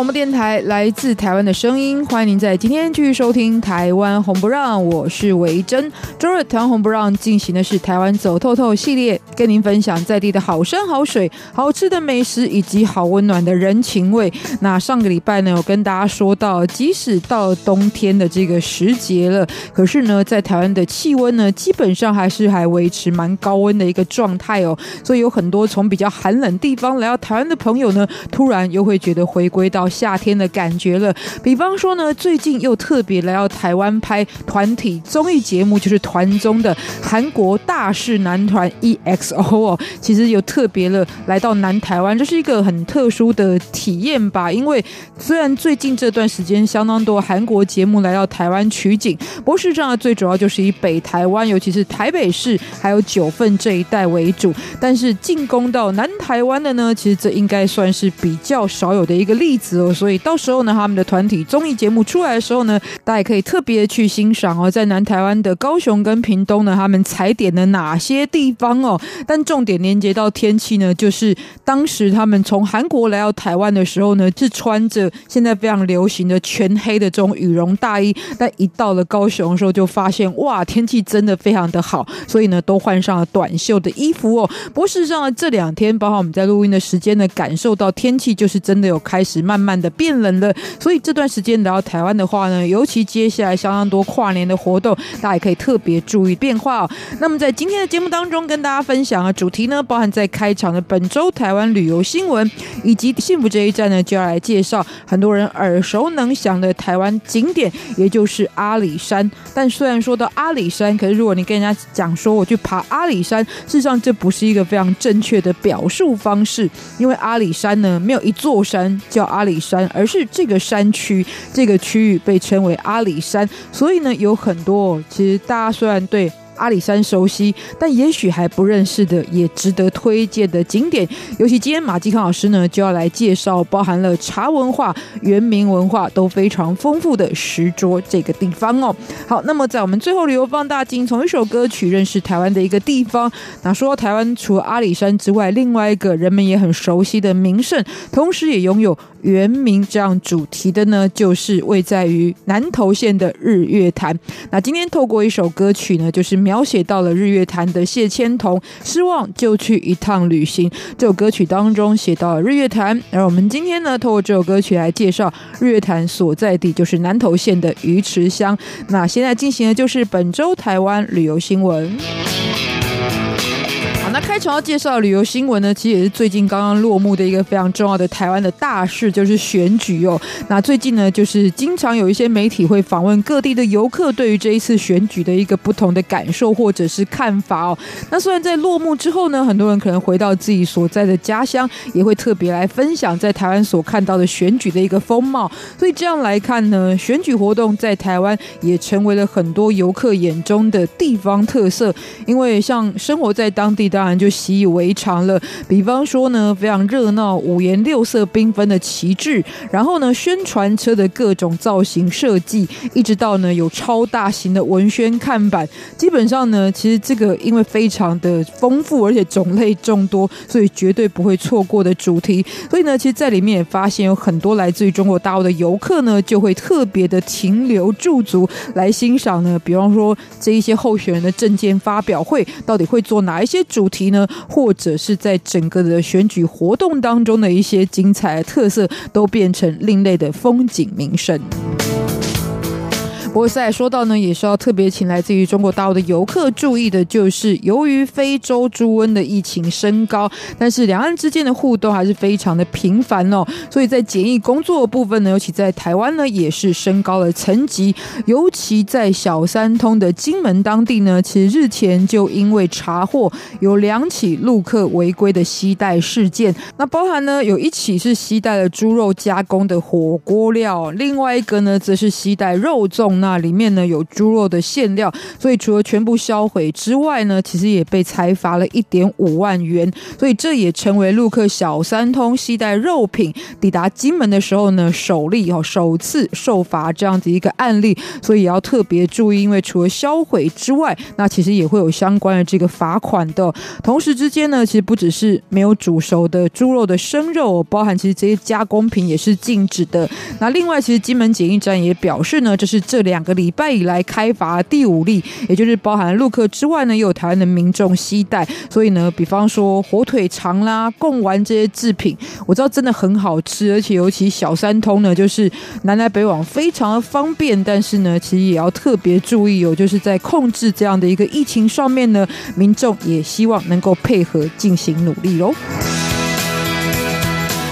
廣播電台來自台灣的聲音，歡迎您在今天繼續收聽《台灣紅不讓》，我是維珍。週日團紅不讓進行的是台灣走透透系列，跟您分享在地的好山好水、好吃的美食以及好溫暖的人情味。那上個禮拜呢，有跟大家說到，即使到了冬天的這個時節了，可是呢，在台灣的氣溫呢，基本上還是還維持蠻高溫的一個狀態哦。所以有很多從比較寒冷地方來到台灣的朋友呢，突然又會覺得回歸到夏天的感覺了。比方說呢，最近又特別來到台灣拍團體綜藝節目，就是。團中的韓國大勢男團 EXO 哦，其實有特別的來到南台灣，這是一個很特殊的體驗吧。因為雖然最近這段時間相當多韓國節目來到台灣取景，不是這樣的，最主要就是以北台灣，尤其是台北市還有九份這一帶為主。但是進攻到南台灣的呢，其實這應該算是比較少有的一個例子哦。所以到時候呢，他們的團體綜藝節目出來的時候呢，大家也可以特別去欣賞哦，在南台灣的高雄，跟屏東呢，他們踩點的哪些地方哦？但重點連接到天氣呢，就是當時他們從韓國來到台灣的時候呢，是穿着現在非常流行的全黑的這種羽絨大衣。但一到了高雄的時候，就發現哇，天氣真的非常的好，所以呢，都換上了短袖的衣服哦。不過事實上，這兩天包括我們在錄音的時間呢，感受到天氣就是真的有開始慢慢的變冷了。所以這段時間來到台灣的話呢，尤其接下來相當多跨年的活動，大家也可以特別。也注意變化。那麼在今天的節目當中，跟大家分享的主題呢，包含在開場的本周台灣旅遊新聞，以及幸福這一站呢就要來介紹很多人耳熟能詳的台灣景點，也就是阿里山。但雖然說到阿里山，可是如果你跟人家講說我去爬阿里山，事實上這不是一個非常正確的表述方式，因為阿里山呢沒有一座山叫阿里山，而是這個山區這個區域被稱為阿里山。所以呢，有很多其實大家。雖然對。阿里山熟悉，但也許還不認識的，也值得推薦的景點。尤其今天馬繼康老師呢，就要來介紹包含了茶文化、原民文化都非常豐富的石棹這個地方哦。好，那麼在我們最後旅遊放大鏡，從一首歌曲認識台灣的一個地方。那說到台灣，除了阿里山之外，另外一個人們也很熟悉的名勝，同時也擁有原民這樣主題的呢，就是位在於南投縣的日月潭。那今天透過一首歌曲呢，就是《妙》。描寫到了日月潭的謝千桐，失望就去一趟旅行。這首歌曲當中寫到了日月潭，而我們今天呢，透過這首歌曲來介紹日月潭所在地，就是南投縣的魚池鄉。那現在進行的就是本周台灣旅遊新聞。那開場要介紹旅遊新聞呢，其實也是最近剛剛落幕的一個非常重要的台灣的大事，就是選舉哦。那最近呢，就是經常有一些媒體會訪問各地的遊客，對於這一次選舉的一個不同的感受或者是看法哦。那雖然在落幕之後呢，很多人可能回到自己所在的家鄉，也會特別來分享在台灣所看到的選舉的一個風貌。所以這樣來看呢，選舉活動在台灣也成為了很多遊客眼中的地方特色，因為像生活在當地的。當然就習以為常了。比方說呢，非常熱鬧、五顏六色、繽紛的旗幟，然後呢，宣傳車的各種造型設計，一直到呢有超大型的文宣看板。基本上呢，其實這個因為非常的豐富，而且種類眾多，所以絕對不會錯過的主題。所以呢，其實在裡面也發現有很多來自於中國大陸的遊客呢，就會特別的停留駐足來欣賞呢。比方說這一些候選人的政見發表會，到底會做哪一些主？題呢，或者是在整個的選舉活動當中的一些精彩特色，都變成另類的風景名勝。不過再說到呢，也是要特別請來自於中國大陸的遊客注意的，就是由於非洲豬瘟的疫情升高，但是兩岸之間的互動還是非常的頻繁哦，所以在檢疫工作的部分呢，尤其在台灣呢，也是升高了層級，尤其在小三通的金門當地呢，其實日前就因為查獲有兩起陸客違規的攜帶事件，那包含呢有一起是攜帶了豬肉加工的火鍋料，另外一個呢則是攜帶肉粽。那裡面呢，有豬肉的餡料，所以除了全部銷毀之外呢，其實也被裁罰了一點五萬元。所以這也成為陸客小三通攜帶肉品抵達金門的時候呢，首例哦，首次受罰這樣子一個案例。所以也要特別注意，因為除了銷毀之外，那其實也會有相關的這個罰款的哦。同時之間呢，其實不只是沒有煮熟的豬肉的生肉，包含其實這些加工品也是禁止的。那另外，其實金門檢疫站也表示呢，就是這裡。兩個禮拜以來開罰第五例，也就是包含陸客之外呢，也有台灣的民眾攜帶。所以呢，比方說火腿腸啦、貢丸這些製品，我知道真的很好吃，而且尤其小三通呢，就是南來北往非常的方便。但是呢，其實也要特別注意，有就是在控制這樣的一個疫情上面呢，民眾也希望能夠配合進行努力嘍。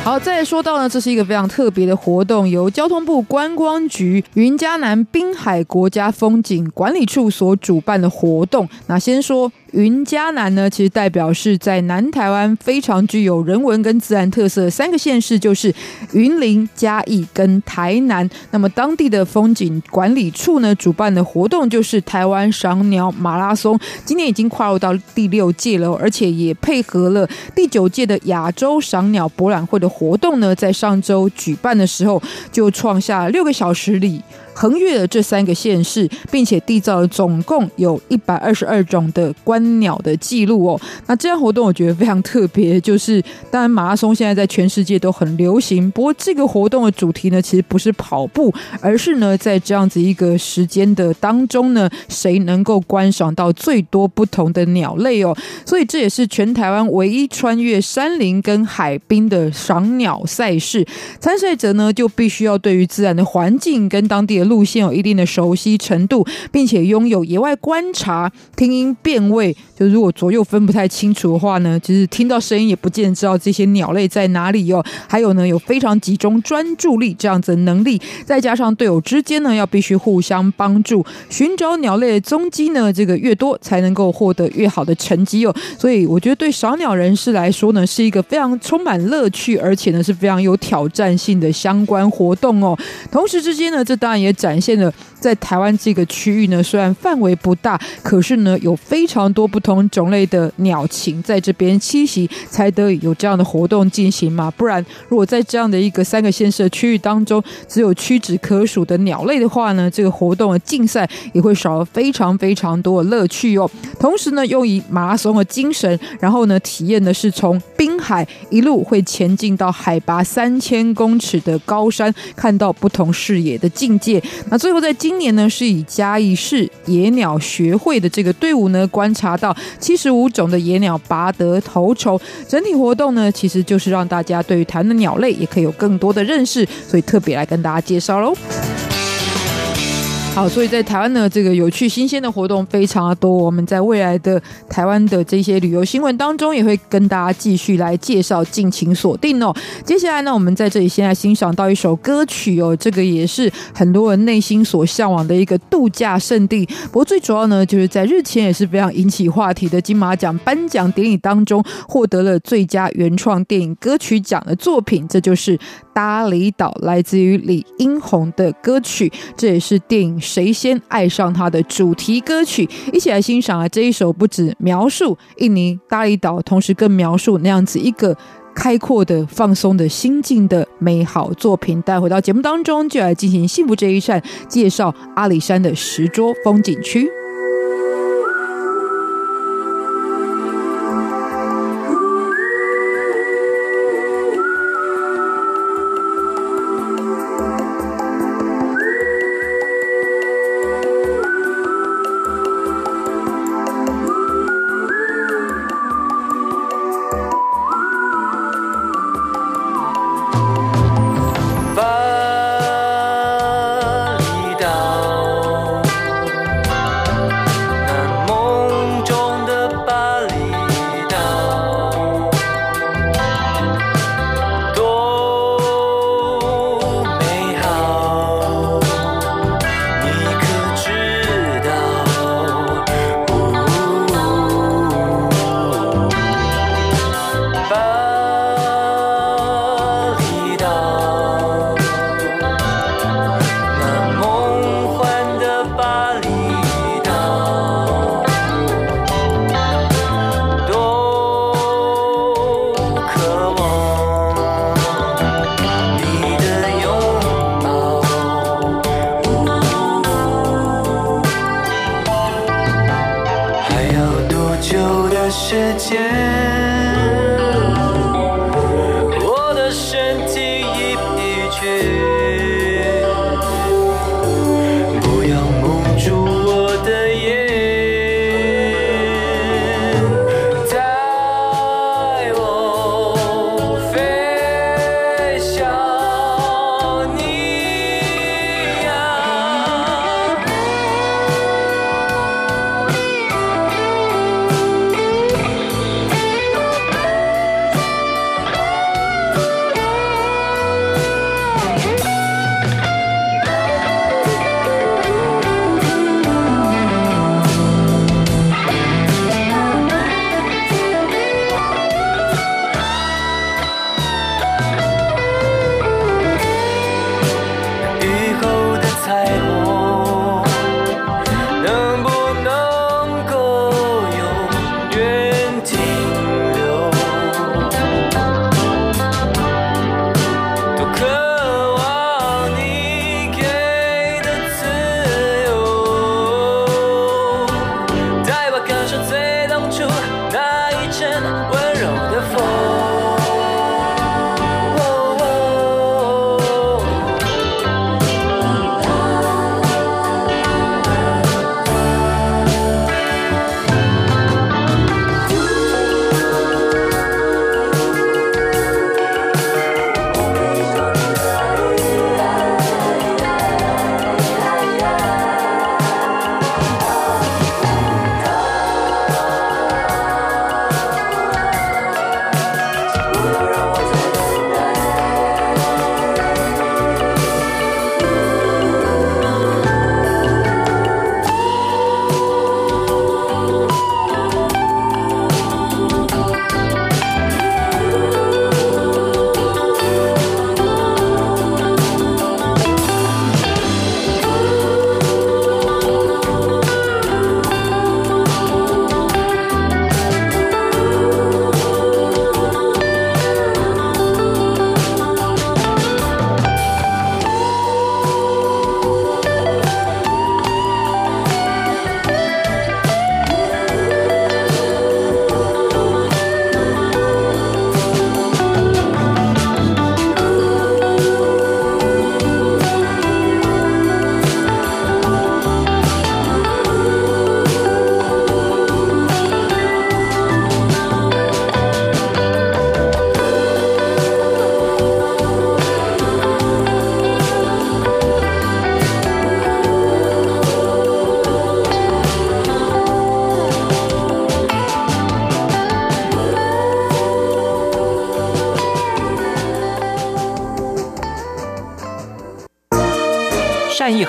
好，再說到呢，這是一個非常特別的活動，由交通部觀光局雲嘉南濱海國家風景管理處所主辦的活動。那先說。雲嘉南呢，其實代表是在南台灣非常具有人文跟自然特色三個縣市，就是雲林、嘉義跟台南。那麼當地的風景管理處呢，主辦的活動就是台灣賞鳥馬拉松，今年已經跨入到第六屆了，而且也配合了第九屆的亞洲賞鳥博覽會的活動呢，在上週舉辦的時候，就創下六個小時裡。橫越了這三個縣市，並且締造了總共有一百二十二種的觀鳥的記錄哦。那這項活動我覺得非常特別，就是當然馬拉松現在在全世界都很流行，不過這個活動的主題呢，其實不是跑步，而是呢在這樣子一個時間的當中呢，誰能夠觀賞到最多不同的鳥類哦。所以這也是全台灣唯一穿越山林跟海濱的賞鳥賽事，參賽者呢就必須要對於自然的環境跟當地的路線有一定的熟悉程度，並且擁有野外觀察、聽音辨位，就是如果左右分不太清楚的話呢，其實聽到聲音也不見得知道這些鳥類在哪裡哦。還有呢，有非常集中專注力這樣子的能力，再加上隊友之間呢，要必須互相幫助尋找鳥類的蹤跡呢，這個越多才能夠獲得越好的成績哦。所以我覺得對賞鳥人士來說呢，是一個非常充滿樂趣，而且呢是非常有挑戰性的相關活動哦。同時之間呢，這當然也展現了在台灣這個區域呢，雖然範圍不大，可是呢有非常多不同種類的鳥禽在這邊棲息，才得以有這樣的活動進行嘛。不然，如果在這樣的一個三個縣市的區域當中，只有屈指可數的鳥類的話呢，這個活動的競賽也會少了非常非常多的樂趣哦。同時呢，又以馬拉松的精神，然後呢體驗的是從濱海一路會前進到海拔三千公尺的高山，看到不同視野的境界。那最後，在今年呢，是以嘉義市野鳥學會的這個隊伍呢，觀察到七十五種的野鳥拔得頭籌。整體活動呢，其實就是讓大家對於台灣的鳥類也可以有更多的認識，所以特別來跟大家介紹嘍。好，所以在台灣呢，這個有趣新鮮的活動非常的多。我們在未來的台灣的這些旅遊新聞當中，也會跟大家繼續來介紹，敬請鎖定哦、喔。接下來呢，我們在這裡先來欣賞到一首歌曲哦、喔，這個也是很多人內心所向往的一個度假勝地。不過最主要呢，就是在日前也是非常引起話題的金馬獎頒獎典禮當中，獲得了最佳原創電影歌曲獎的作品，這就是《達里島》，來自於李英宏的歌曲，這也是電影。誰先愛上他的主題歌曲？一起來欣賞啊！這一首不止描述印尼峇里島，同時更描述那樣子一個開闊的、放鬆的心境的美好作品。待回到節目當中，就來進行幸福這一站，介紹阿里山的石棹風景區。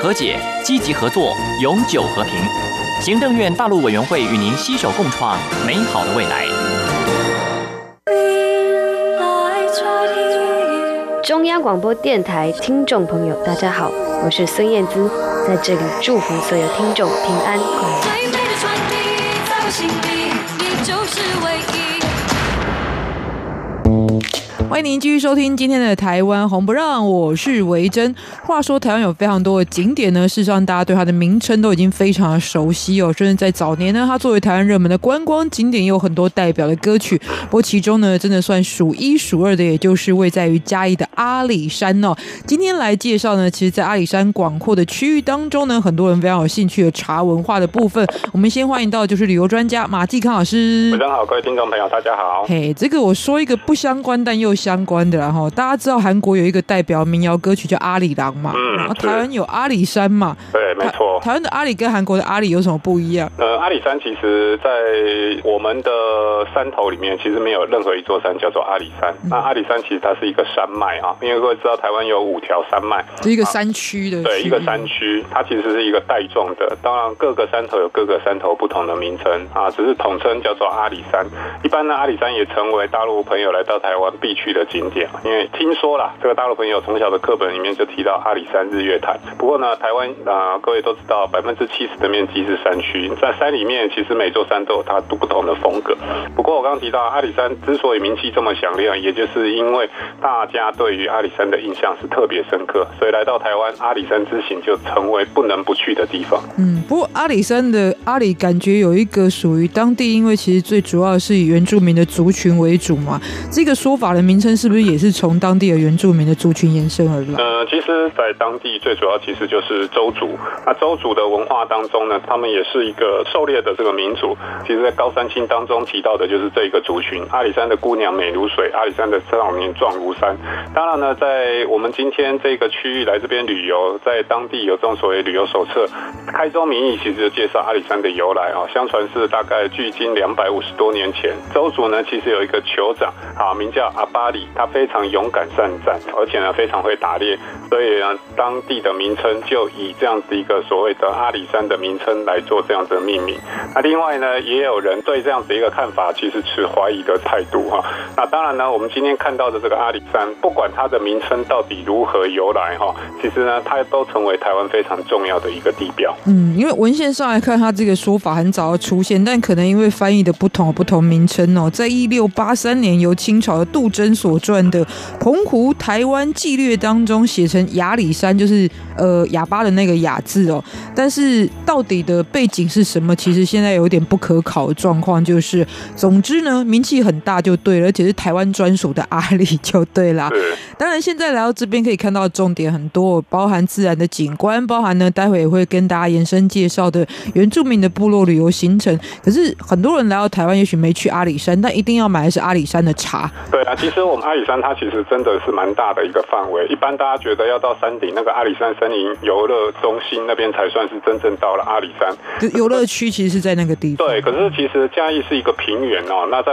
和解，積極合作，永久和平。行政院大陸委員會與您攜手共創美好的未來。中央廣播電台聽眾朋友，大家好，我是孫燕姿，在這裡祝福所有聽眾平安快樂。最美的傳遞在我心裡，你就是唯一。歡迎您繼續收聽今天的《台灣紅不讓》，我是維珍。話說台灣有非常多的景點呢，事實上大家對它的名稱都已經非常的熟悉哦。甚至在早年呢，它作為台灣熱門的觀光景點，也有很多代表的歌曲。不過其中呢，真的算數一數二的，也就是位在於嘉義的阿里山哦。今天來介紹呢，其實，在阿里山廣闊的區域當中呢，很多人非常有興趣的茶文化的部分。我們先歡迎到就是旅遊專家馬繼康老師。非常好，各位聽眾朋友，大家好。嘿，hey, 這個我說一個不相關但又相關的啦，然後大家知道韓國有一個代表民謠歌曲叫《阿里郎》。嗯，然後台灣有阿里山嘛？對，沒錯。台灣的阿里跟韓國的阿里有什麼不一樣？呃，阿里山其實在我們的山頭裡面，其實沒有任何一座山叫做阿里山。嗯、那阿里山其實它是一個山脈啊，因為各位知道台灣有五條山脈，是、嗯啊、一個山區的區，對，一個山區，它其實是一個帶狀的。當然各個山頭有各個山頭不同的名稱啊，只是統稱叫做阿里山。一般呢，阿里山也成為大陸朋友來到台灣必去的景點，因為聽說啦，這個大陸朋友從小的課本裡面就提到。阿里山日月潭。不過呢，台灣啊，各位都知道，百分之七十的面積是山區，在山裡面，其實每座山都有它都不同的風格。不過我剛剛提到阿里山之所以名氣這麼響亮，也就是因為大家對於阿里山的印象是特別深刻，所以來到台灣阿里山之行就成為不能不去的地方。嗯，不過阿里山的阿里，感覺有一個屬於當地，因為其實最主要的是以原住民的族群為主嘛，這個說法的名稱是不是也是從當地的原住民的族群延伸而來？呃、嗯，其實。在當地最主要其實就是鄒族，那鄒族的文化當中呢，他們也是一個狩獵的這個民族。其實，在高山青當中提到的就是這一個族群。阿里山的姑娘美如水，阿里山的少年壯如山。當然呢，在我們今天這個區域來這邊旅遊，在當地有這種所謂旅遊手冊，開宗明義其實就介紹阿里山的由來啊。相傳是大概距今兩百五十多年前，鄒族呢其實有一個酋長，啊，名叫阿巴里，他非常勇敢善戰，而且呢非常會打獵，所以。當地的名稱就以這樣子一個所謂的阿里山的名稱來做這樣子的命名。那另外呢，也有人對這樣子一個看法，其實持懷疑的態度哈。那當然呢，我們今天看到的這個阿里山，不管它的名稱到底如何由來哈，其實呢，它都成為台灣非常重要的一個地標。嗯，因為文獻上來看，它這個說法很早就出現，但可能因為翻譯的不同，不同名稱哦，在一六八三年由清朝的杜臻所撰的《澎湖台灣紀略》當中寫成雅。阿里山就是呃啞巴的那個啞字哦、喔，但是到底的背景是什麼？其實現在有點不可考的狀況，就是總之呢，名氣很大就對了，而且是台灣專屬的阿里就對了。是當然現在來到這邊可以看到重點很多，包含自然的景觀，包含呢待會也會跟大家延伸介紹的原住民的部落旅遊行程。可是很多人來到台灣，也許沒去阿里山，但一定要買的是阿里山的茶。對啊，其實我們阿里山它其實真的是蠻大的一個範圍，一般大家覺得要到。山頂那個阿里山森林遊樂中心那邊才算是真正到了阿里山。遊樂區其實是在那個地方。對，可是其實嘉義是一個平原哦。那在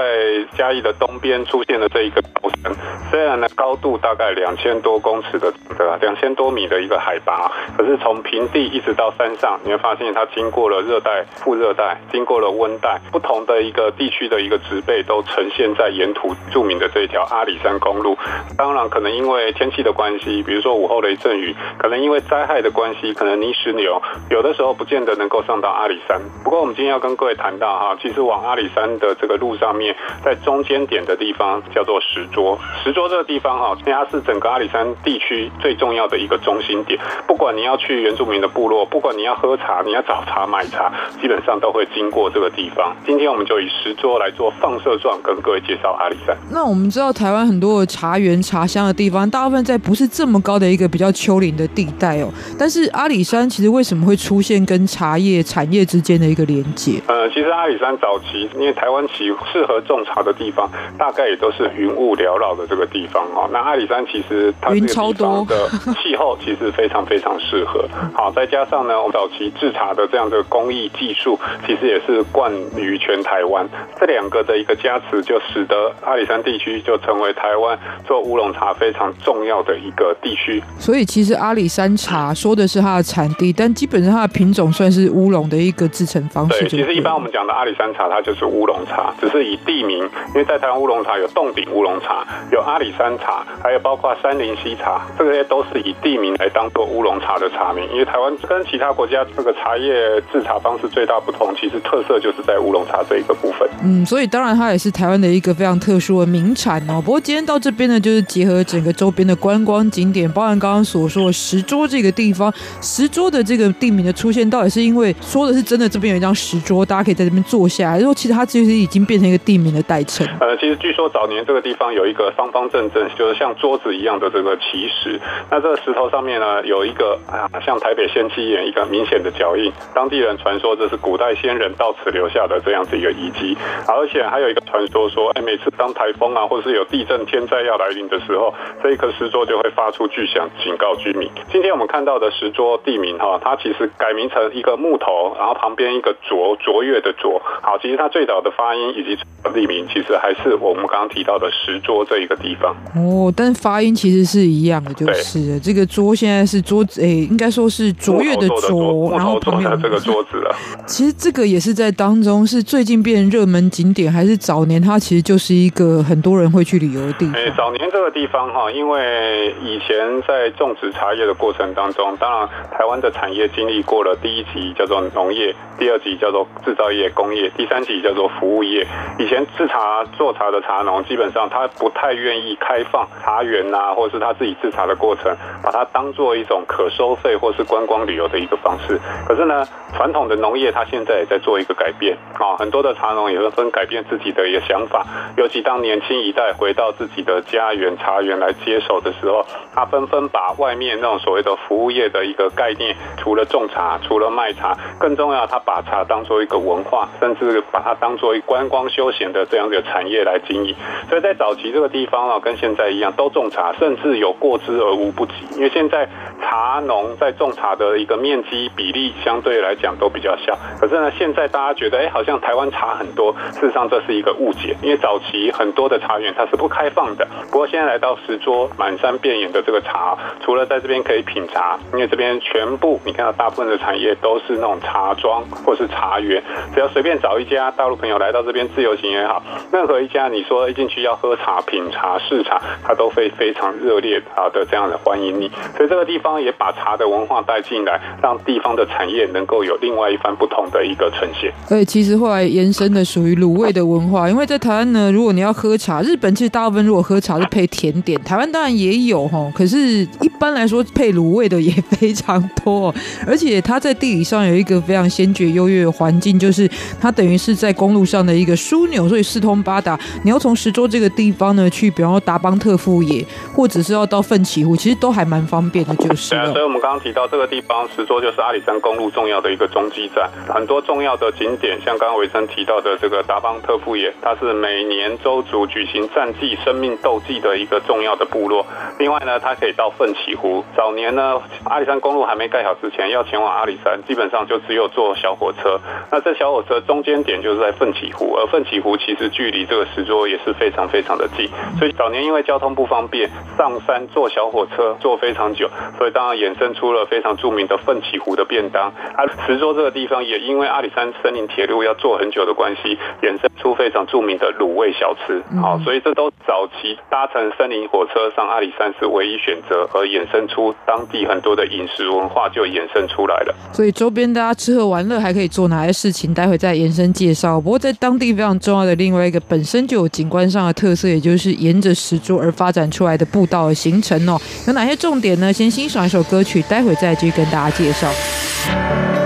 嘉義的東邊出現了這一個高山，雖然呢高度大概兩千多公尺的，對吧？兩千多米的一個海拔。可是從平地一直到山上，你會發現它經過了熱帶、副熱帶，經過了溫帶，不同的一個地區的一個植被都呈現在沿途著名的這一條阿里山公路。當然，可能因為天氣的關係，比如說午後的。陣雨，可能因為災害的關係，可能泥石流，有的時候不見得能夠上到阿里山。不過，我們今天要跟各位談到哈，其實往阿里山的這個路上面，在中間點的地方叫做石棹。石棹這個地方哈，它是整個阿里山地區最重要的一個中心點。不管你要去原住民的部落，不管你要喝茶，你要找茶賣茶，基本上都會經過這個地方。今天我們就以石棹來做放射狀，跟各位介紹阿里山。那我們知道台灣很多茶園茶鄉的地方，大部分在不是這麼高的一個比較。丘陵的地帶哦，但是阿里山其實為什麼會出現跟茶葉產業之間的一個連接？呃、嗯，其實阿里山早期因為台灣其適合種茶的地方，大概也都是雲霧繚繞的這個地方哦。那阿里山其實它這個地方的氣候其實非常非常適合。好，再加上呢，我們早期製茶的這樣的工藝技術，其實也是冠於全台灣。這兩個的一個加持，就使得阿里山地區就成為台灣做烏龍茶非常重要的一個地區。所以所以其實阿里山茶說的是它的產地，但基本上它的品種算是烏龍的一個制成方式。對，其實一般我們講的阿里山茶，它就是烏龍茶，只是以地名。因為在台灣烏龍茶有凍頂烏龍茶，有阿里山茶，還有包括杉林溪茶，這些都是以地名來當做烏龍茶的茶名。因為台灣跟其他國家這個茶葉制茶方式最大不同，其實特色就是在烏龍茶這一個部分。嗯，所以當然它也是台灣的一個非常特殊的名產哦。不過今天到這邊呢，就是結合了整個周邊的觀光景點，包含剛剛。所說的石棹這個地方，石棹的這個地名的出現，到底是因為說的是真的，這邊有一張石桌，大家可以在這邊坐下來，還是說其實它其實已經變成一個地名的代稱？呃，其實據說早年這個地方有一個方方正正，就是像桌子一樣的這個奇石，那這個石頭上面呢，有一個啊，像台北仙跡一樣一個明顯的腳印，當地人傳說這是古代仙人到此留下的這樣子一個遺跡，啊，而且還有一個傳說說，哎，每次當颱風啊或是有地震天災要來臨的時候，這一顆石桌就會發出巨響。警告居民。今天我們看到的石棹地名哈，它其實改名成一個木頭，然後旁邊一個卓，卓越的卓。好，其實它最早的發音以及地名，其實還是我們剛剛提到的石桌這一個地方。哦，但發音其實是一樣的，就是對這個桌現在是桌子，哎，應該說是卓越的卓，桌頭的桌然後旁邊的這個桌子了。其實這個也是在當中，是最近變熱門景點，還是早年它其實就是一個很多人會去旅遊的地方。哎，早年這個地方哈，因為以前在種植茶葉的過程當中，當然台灣的產業經歷過了第一級叫做農業，第二級叫做製造業工業，第三級叫做服務業。以前制茶做茶的茶農，基本上他不太願意開放茶園吶、啊，或是他自己制茶的過程，把它當做一種可收費或是觀光旅遊的一個方式。可是呢，傳統的農業他現在也在做一個改變啊、哦，很多的茶農也紛紛改變自己的一個想法，尤其當年輕一代回到自己的家園茶園來接手的時候，他紛紛把把外面那種所謂的服務業的一個概念，除了種茶，除了賣茶，更重要，他把茶當做一個文化，甚至把它當做一觀光休閒的這樣的產業來經營。所以在早期這個地方啊，跟現在一樣，都種茶，甚至有過之而無不及。因為現在茶農在種茶的一個面積比例相對來講都比較小。可是呢，現在大家覺得，哎，好像台灣茶很多，事實上這是一個誤解。因為早期很多的茶園它是不開放的。不過現在來到石棹，滿山遍野的這個茶啊。除了在這邊可以品茶，因為這邊全部你看到大部分的產業都是那種茶莊或是茶園，只要隨便找一家，大陸朋友來到這邊自由行也好，任何一家你說一進去要喝茶、品茶、試茶，他都會非常熱烈好的這樣的歡迎你，所以這個地方也把茶的文化帶進來，讓地方的產業能夠有另外一番不同的一個呈現。哎、欸，其實後來延伸的屬於滷味的文化，因為在台灣呢，如果你要喝茶，日本其實大部分如果喝茶是配甜點，台灣當然也有，可是，一般來說，配滷味的也非常多、哦，而且它在地理上有一個非常先決優越的環境，就是它等於是在公路上的一個樞紐，所以四通八達。你要從石棹這個地方呢，去比方說達邦特富野，或者是要到奮起湖，其實都還蠻方便的，就是。是啊，所以我們剛剛提到這個地方，石棹就是阿里山公路重要的一個中繼站，很多重要的景點，像剛剛維生提到的這個達邦特富野，它是每年鄒族舉行戰祭、生命豆祭的一個重要的部落。另外呢，它可以到奮。起湖。早年呢，阿里山公路還沒蓋好之前，要前往阿里山，基本上就只有坐小火車。那這小火車中間點就是在奮起湖，而奮起湖其實距離這個石棹也是非常非常的近。所以早年因為交通不方便，上山坐小火車坐非常久，所以當然衍生出了非常著名的奮起湖的便當。而石棹這個地方也因為阿里山森林鐵路要坐很久的關係，衍生出非常著名的滷味小吃。好、哦，所以這都早期搭乘森林火車上阿里山是唯一選擇，而衍生出當地很多的飲食文化，就衍生出來了。所以周邊大家吃喝玩樂還可以做哪些事情？待會再延伸介紹。不過在當地非常重要的另外一個，本身就有景觀上的特色，也就是沿着石棹而發展出來的步道行程。哦。有哪些重點呢？先欣賞一首歌曲，待會再繼續跟大家介紹。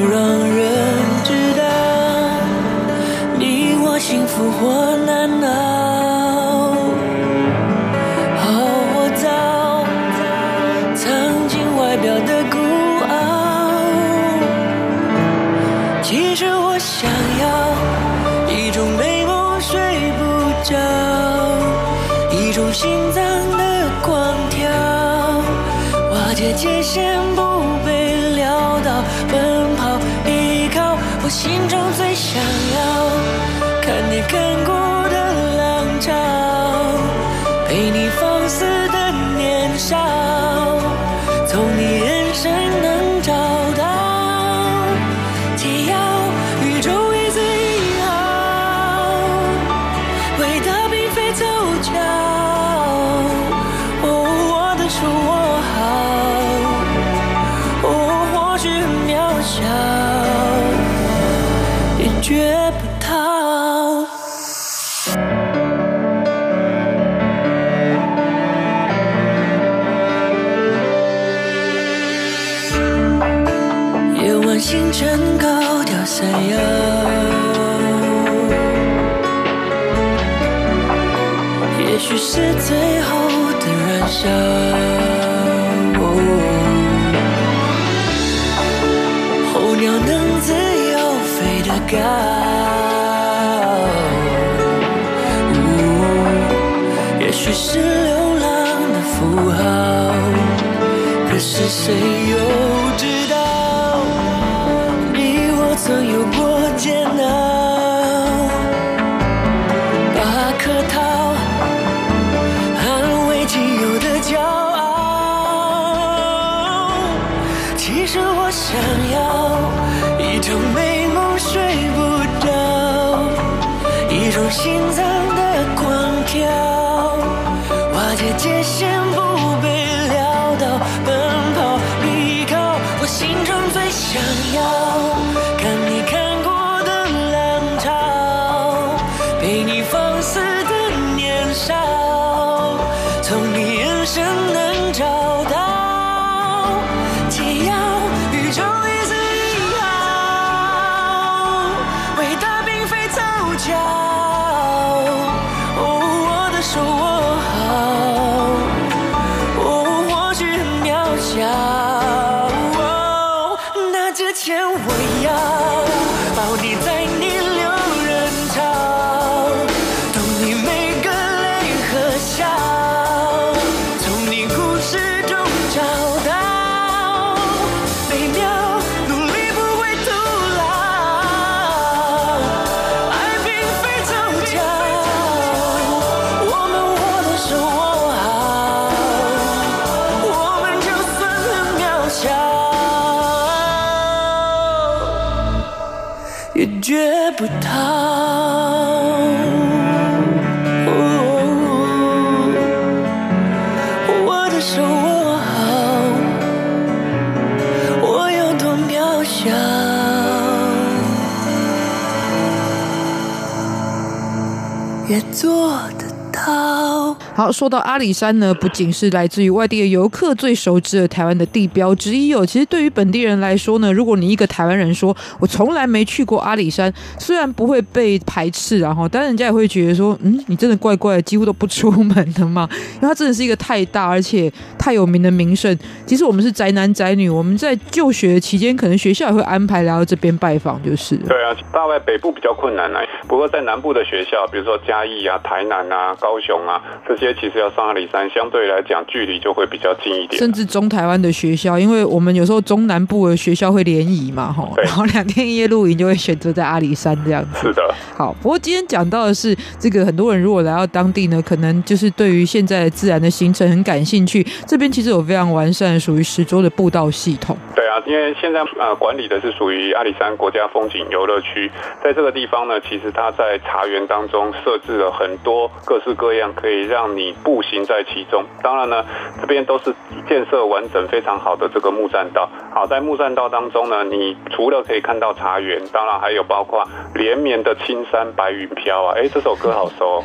然後說到阿里山呢，不僅是來自於外地的遊客最熟知的台灣的地標之一哦。其實對於本地人來說呢，如果你一個台灣人說“我從來沒去過阿里山”，雖然不會被排斥，然後，但人家也會覺得說：“嗯，你真的怪怪的，幾乎都不出門的嘛。”因為它真的是一個太大而且太有名的名勝。即使我們是宅男宅女，我們在就學期間，可能學校也會安排來到這邊拜訪，就是。對啊。大外北部比較困難呢，啊，不過在南部的學校，比如說嘉義啊、台南啊、高雄啊這些。其實要上阿里山，相對來講距離就會比較近一點。甚至中台灣的學校，因為我們有時候中南部的學校會聯誼嘛，吼對，然後兩天一夜露營就會選擇在阿里山這樣子。是的，好。不過今天講到的是，這個很多人如果來到當地呢，可能就是對於現在自然的行程很感興趣。這邊其實有非常完善的屬於石棹的步道系統。對啊，因為現在啊、呃、管理的是屬於阿里山國家風景遊樂區，在這個地方呢，其實它在茶園當中設置了很多各式各樣可以讓你。你步行在其中，當然呢，這邊都是建設完整、非常好的這個木棧道。好，在木棧道當中呢，你除了可以看到茶園，當然還有包括連綿的青山、白雲飄啊。哎、欸，這首歌好熟，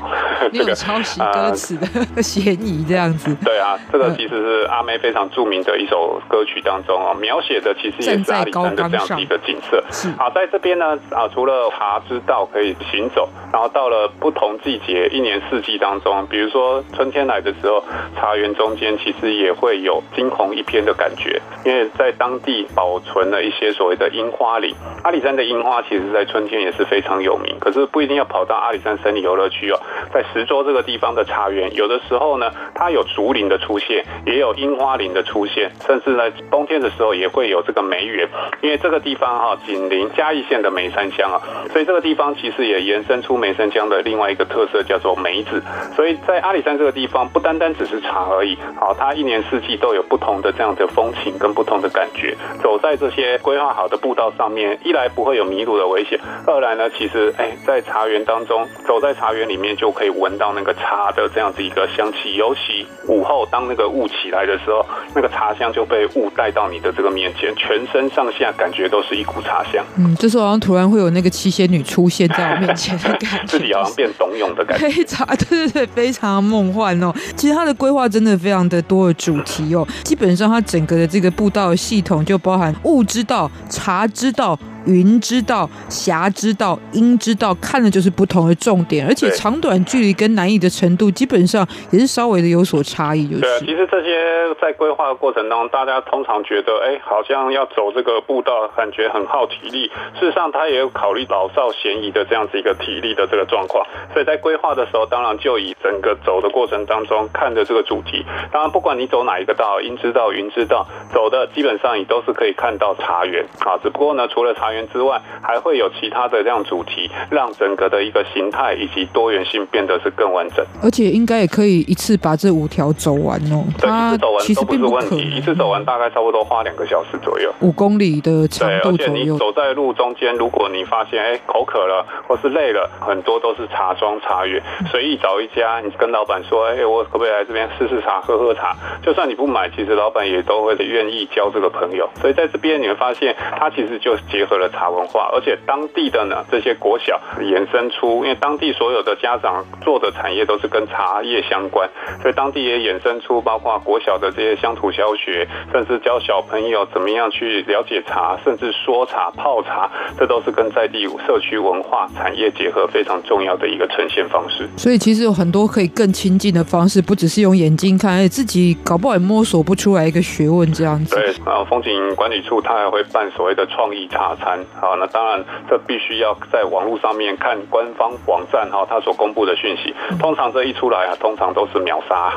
這個啊，抄襲歌詞的嫌疑這樣子、 嗯。對啊，這個其實是阿妹非常著名的一首歌曲當中啊，描寫的其實也是阿里山的這樣子一個景色。好，在這邊呢啊，除了茶之道可以行走，然後到了不同季節，一年四季當中，比如說春天來的時候，茶園中間其實也會有驚鴻一片的感覺，因為在當地保存了一些所謂的櫻花林。阿里山的櫻花其實，在春天也是非常有名，可是不一定要跑到阿里山森林遊樂區哦。在石棹這個地方的茶園，有的時候呢，它有竹林的出現，也有櫻花林的出現，甚至呢，冬天的時候也會有這個梅園，因為這個地方哈、啊，緊鄰嘉義縣的梅山鄉啊，所以這個地方其實也延伸出梅山鄉的另外一個特色，叫做梅子。所以在阿里。但這個地方不單單只是茶而已，好，它一年四季都有不同的這樣的風情跟不同的感覺。走在這些規劃好的步道上面，一來不會有迷路的危險，二來呢，其實哎，在茶園當中走在茶園裡面，就可以聞到那個茶的這樣子一個香氣。尤其午後，當那個霧起來的時候，那個茶香就被霧帶到你的這個面前，全身上下感覺都是一股茶香。嗯，就是好像突然會有那個七仙女出現在我面前的感覺， 自己好像變董永的感覺，非常對對對，非常。夢幻哦，其實它的規劃真的非常的多的主題哦，基本上它整個的這個步道系統就包含霧之道、茶之道。雲之道、霞之道、櫻之道，看的就是不同的重點，而且長短距離跟難易的程度，基本上也是稍微的有所差異。就是，對，其實這些在規劃的過程當中，大家通常覺得，哎、欸，好像要走這個步道，感覺很耗體力。事實上，他也有考慮老少咸宜的這樣子一個體力的這個狀況。所以在規劃的時候，當然就以整個走的過程當中，看着這個主題。當然，不管你走哪一個道，櫻之道、雲之道，走的基本上也都是可以看到茶園啊。只不過呢，除了茶園。之外，還會有其他的這樣主題，讓整個的一個形態以及多元性變得是更完整。而且應該也可以一次把這五條走完哦。對它 一次走完，都不是問題，一次走完大概差不多花兩個小時左右，五公里的長度。對，而且你走在路中間，如果你發現哎口渴了或是累了，很多都是茶莊茶園，嗯、隨意找一家，你跟老板說哎，我可不可以來這邊試試茶喝喝茶？就算你不買，其實老板也都會願意交這個朋友。所以在這邊你會發現，他其實就結合了。茶文化，而且當地的呢，這些國小衍生出，因為當地所有的家長做的產業都是跟茶葉相關，所以當地也衍生出包括國小的這些鄉土教學，甚至教小朋友怎麼樣去了解茶，甚至說茶、泡茶，這都是跟在地社區文化產業結合非常重要的一個呈現方式。所以其實有很多可以更親近的方式，不只是用眼睛看，而且自己搞不好也摸索不出來一個學問這樣子。對，然後風景管理處他還會辦所謂的創意茶。好，那當然，這必須要在網絡上面看官方網站哈、哦，它所公布的訊息，通常這一出來啊，通常都是秒殺、啊，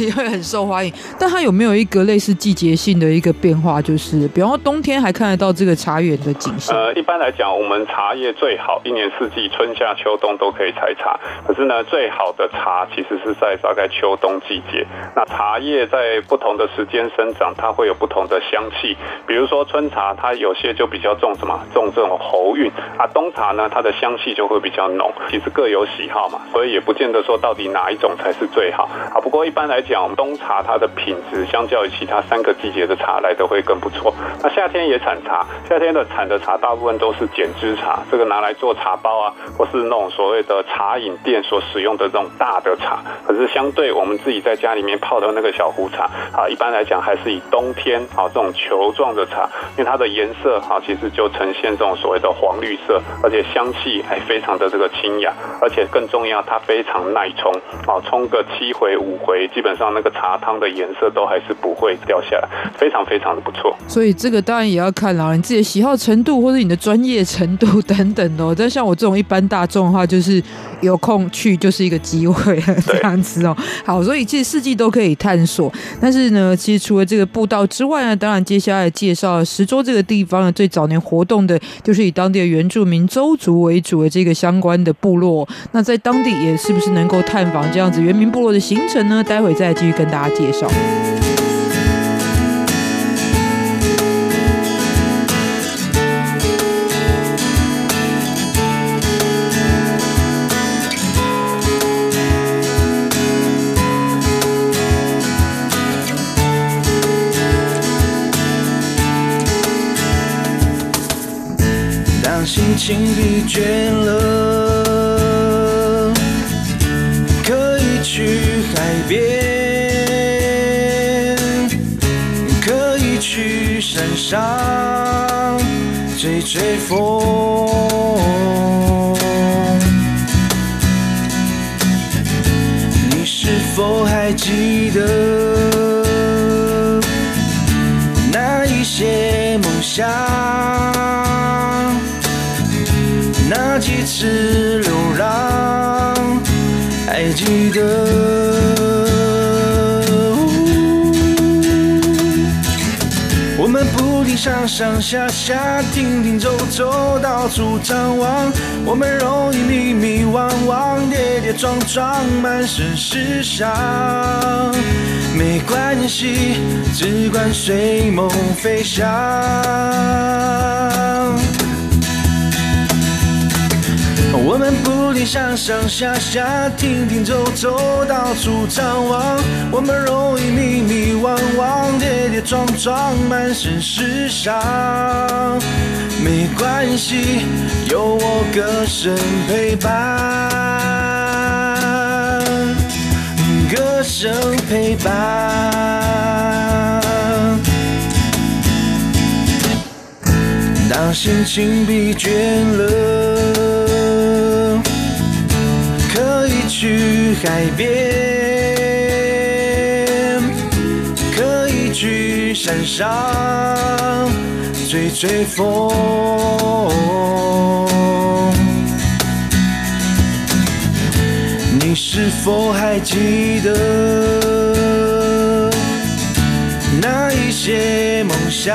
因為 很受歡迎。但它有沒有一個類似季節性的一個變化？就是比方說冬天還看得到這個茶園的景色？呃，一般來講，我們茶葉最好一年四季，春夏秋冬都可以採茶。可是呢，最好的茶其實是在大概秋冬季節。那茶葉在不同的時間生長，它會有不同的香氣。比如說春茶，它有些就比較重。種這種喉韻啊，冬茶呢，它的香氣就會比較濃。其實各有喜好嘛，所以也不見得說到底哪一種才是最好啊。不過一般來講，冬茶它的品質相較於其他三個季節的茶來得會更不錯。那夏天也產茶，夏天的產的茶大部分都是剪枝茶，這個拿來做茶包啊，或是那種所謂的茶飲店所使用的這種大的茶。可是相對我們自己在家裡面泡的那個小壺茶啊，一般來講還是以冬天啊這種球狀的茶，因為它的顏色啊，其實就呈現這種所謂的黃綠色，而且香氣還非常的這個清雅，而且更重要，它非常耐沖啊、哦，沖個七回五回，基本上那個茶湯的顏色都還是不會掉下來，非常非常的不錯。所以這個當然也要看啊，你自己的喜好的程度或者你的專業程度等等哦。但像我這種一般大眾的話，就是有空去就是一個機會對這樣子哦。好，所以其實四季都可以探索，但是呢，其實除了這個步道之外呢，當然接下來介紹了石棹這個地方的最早年活。活動的，就是以當地的原住民鄒族為主的這個相關的部落。那在當地也是不是能夠探訪這樣子原民部落的行程呢？待會再繼續跟大家介紹。心疲倦了，可以去海邊，可以去山上追追風。你是否還記得那一些夢想？是流浪，還記得，哦？我們不停上上下下，停停走走，到處張望。我們容易迷迷惘惘，跌跌撞撞，滿身是傷。沒關係，只管隨夢飛翔。我們不停上上下下，停停走走，到處張望。我們容易迷迷惘惘，跌跌撞撞，滿身是傷。沒關係，有我歌聲陪伴，歌聲陪伴。當心情疲倦了。去海邊，可以去山上吹吹風。你是否還記得那一些夢想，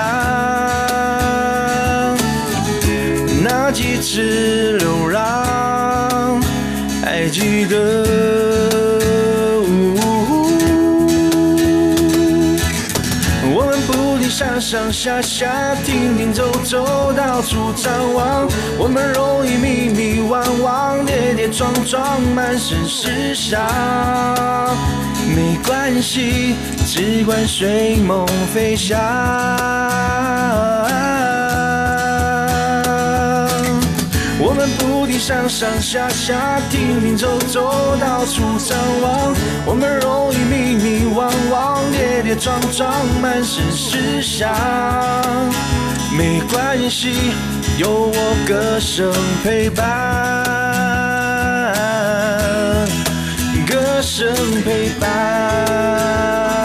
那幾次流浪？還記得，我們不停上上下下，停停走走，到處張望。我們容易迷迷惘惘，跌跌撞撞，滿身是傷。沒關係，只管隨夢飛翔。上上下下，停停走走，到處張望，我們容易迷迷惘惘，跌跌撞撞，滿身是傷。沒關係，有我歌聲陪伴，歌聲陪伴。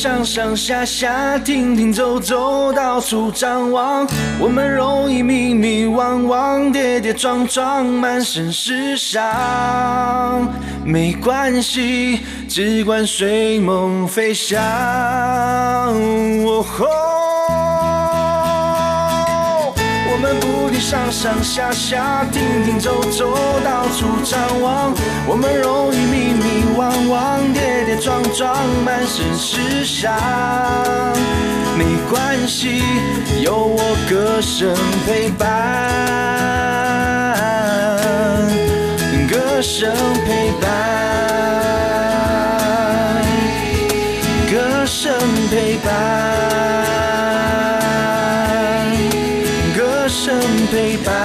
上上下下，停停走走，到處張望，我們容易迷迷惘惘，跌跌撞撞，滿身是傷。沒關係，只管隨夢飛翔。Oh, oh, 我們不。上上下下，停停走走，到處張望，我們容易迷迷惘惘，跌跌撞撞，滿身是傷。沒關係，有我歌聲陪伴，歌聲陪伴，歌聲陪伴。對白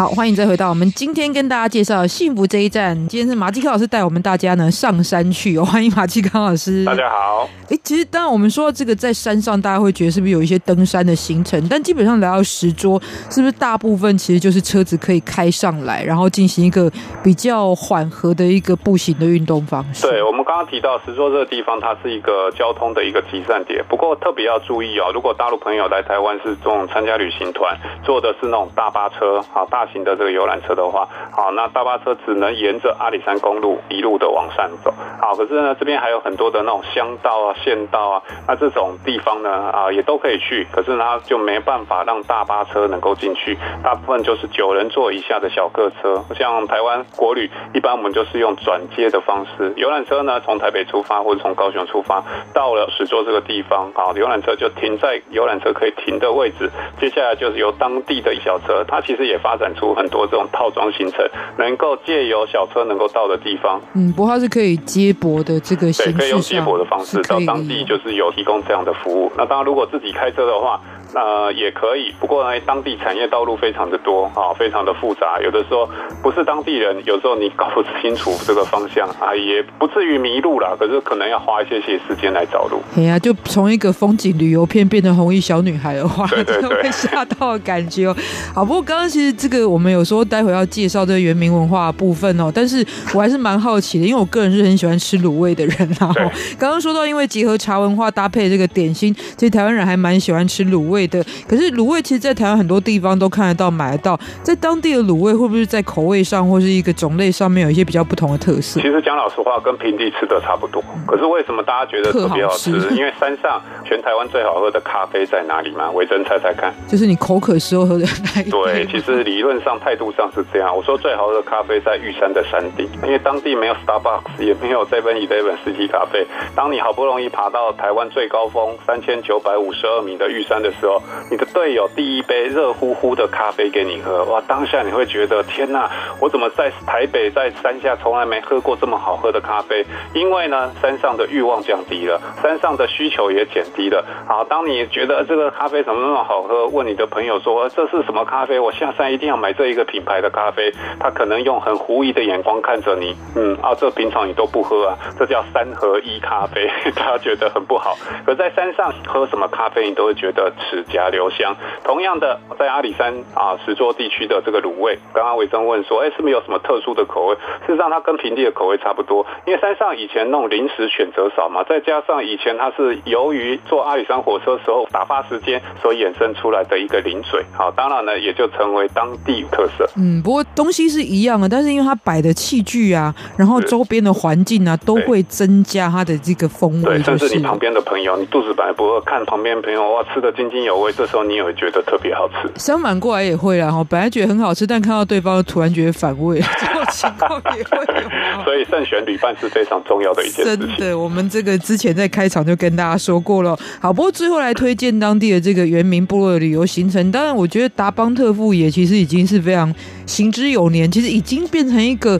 好，歡迎再回到我們今天跟大家介紹幸福這一站。今天是馬繼康老師帶我們大家呢上山去哦，歡迎馬繼康老師。大家好。哎，其實當然我們說這個在山上，大家會覺得是不是有一些登山的行程？但基本上來到石棹，是不是大部分其實就是車子可以開上來，然後進行一個比較緩和的一個步行的運動方式？對，我們剛剛提到石棹這個地方，它是一個交通的一個集散點。不過特別要注意哦，如果大陸朋友來台灣是這種參加旅行團，坐的是那種大巴車啊大。行的這個遊覽車的話，好，那大巴車只能沿着阿里山公路一路的往上走，好，可是呢這邊還有很多的那種鄉道啊、縣道啊，那這種地方呢啊也都可以去，可是呢就沒辦法讓大巴車能夠進去，大部分就是九人座以下的小客車，像台灣國旅一般我們就是用轉接的方式，遊覽車呢從台北出發或者從高雄出發，到了石棹這個地方，好，遊覽車就停在遊覽車可以停的位置，接下來就是由當地的一小車，它其實也發展。很多這種套裝行程，能夠借由小車能夠到的地方，嗯，不過它是可以接駁的這個行程，可以用接駁的方式到當地，就是有提供這樣的服務。那當然，如果自己開車的話。呃，那也可以，不過呢，當地產業道路非常的多啊、哦，非常的複雜，有的時候不是當地人，有時候你搞不清楚這個方向啊，也不至於迷路啦，可是可能要花一些些時間來找路。哎呀、啊，就從一個風景旅遊片變成紅衣小女孩的話，對對對，就會嚇到的感覺哦、喔。好，不過剛剛其實這個我們有說，待會要介紹這個原民文化的部分哦、喔，但是我還是蠻好奇的，因為我個人是很喜歡吃滷味的人啊、喔。對。剛剛說到，因為結合茶文化搭配這個點心，所以台灣人還蠻喜歡吃滷味。對的，可是滷味其實，在台灣很多地方都看得到、買得到。在當地的滷味，會不會在口味上或是一個種類上面有一些比較不同的特色？其實講老實話，跟平地吃的差不多。可是為什麼大家覺得特別好吃？因為山上全台灣最好喝的咖啡在哪裡嗎？偉珍猜，猜猜看。就是你口渴時候喝的咖啡。對，其實理論上態度上是這樣。我說最好喝的咖啡在玉山的山頂，因為當地沒有 Starbucks，也沒有 Seven Eleven City 咖啡。當你好不容易爬到台灣最高峰三千九百五十二米的玉山的時候。你的隊友第一杯熱乎乎的咖啡給你喝，哇！當下你會覺得天吶、啊，我怎麼在台北在山下從來沒喝過這麼好喝的咖啡？因為呢，山上的欲望降低了，山上的需求也減低了。好，當你覺得這個咖啡怎麼那麼好喝，問你的朋友說，這是什麼咖啡？我下山一定要買這一個品牌的咖啡。他可能用很狐疑的眼光看着你，嗯啊，這平常你都不喝啊，這叫三合一咖啡，他覺得很不好。可在山上喝什麼咖啡，你都會覺得吃甲留香，同樣的在阿里山啊，石棹地區的這個滷味，剛剛偉生問說，哎，是沒有什麼特殊的口味？事實上，它跟平地的口味差不多，因為山上以前那種零食選擇少嘛，再加上以前它是由於坐阿里山火車時候打發時間所衍生出來的一個零嘴，好，當然呢也就成為當地特色。嗯，不過東西是一樣的，但是因為它擺的器具啊，然後周邊的環境啊，都會增加它的這個風味就是。對，正是你旁邊的朋友，你肚子本來不餓，看旁邊的朋友哇吃津津、嗯、的津津、啊啊嗯啊啊、有。有味，這時候你也會覺得特別好吃。相反過來也會啦，哈，本來覺得很好吃，但看到對方突然覺得反胃，這種情況也會有，有 所以，慎選旅伴是非常重要的一件事。真的，我們這個之前在開場就跟大家說過了。好，不過最後來推薦當地的這個原民部落的旅遊行程。當然，我覺得達邦特富野其實已經是非常行之有年，其實已經變成一個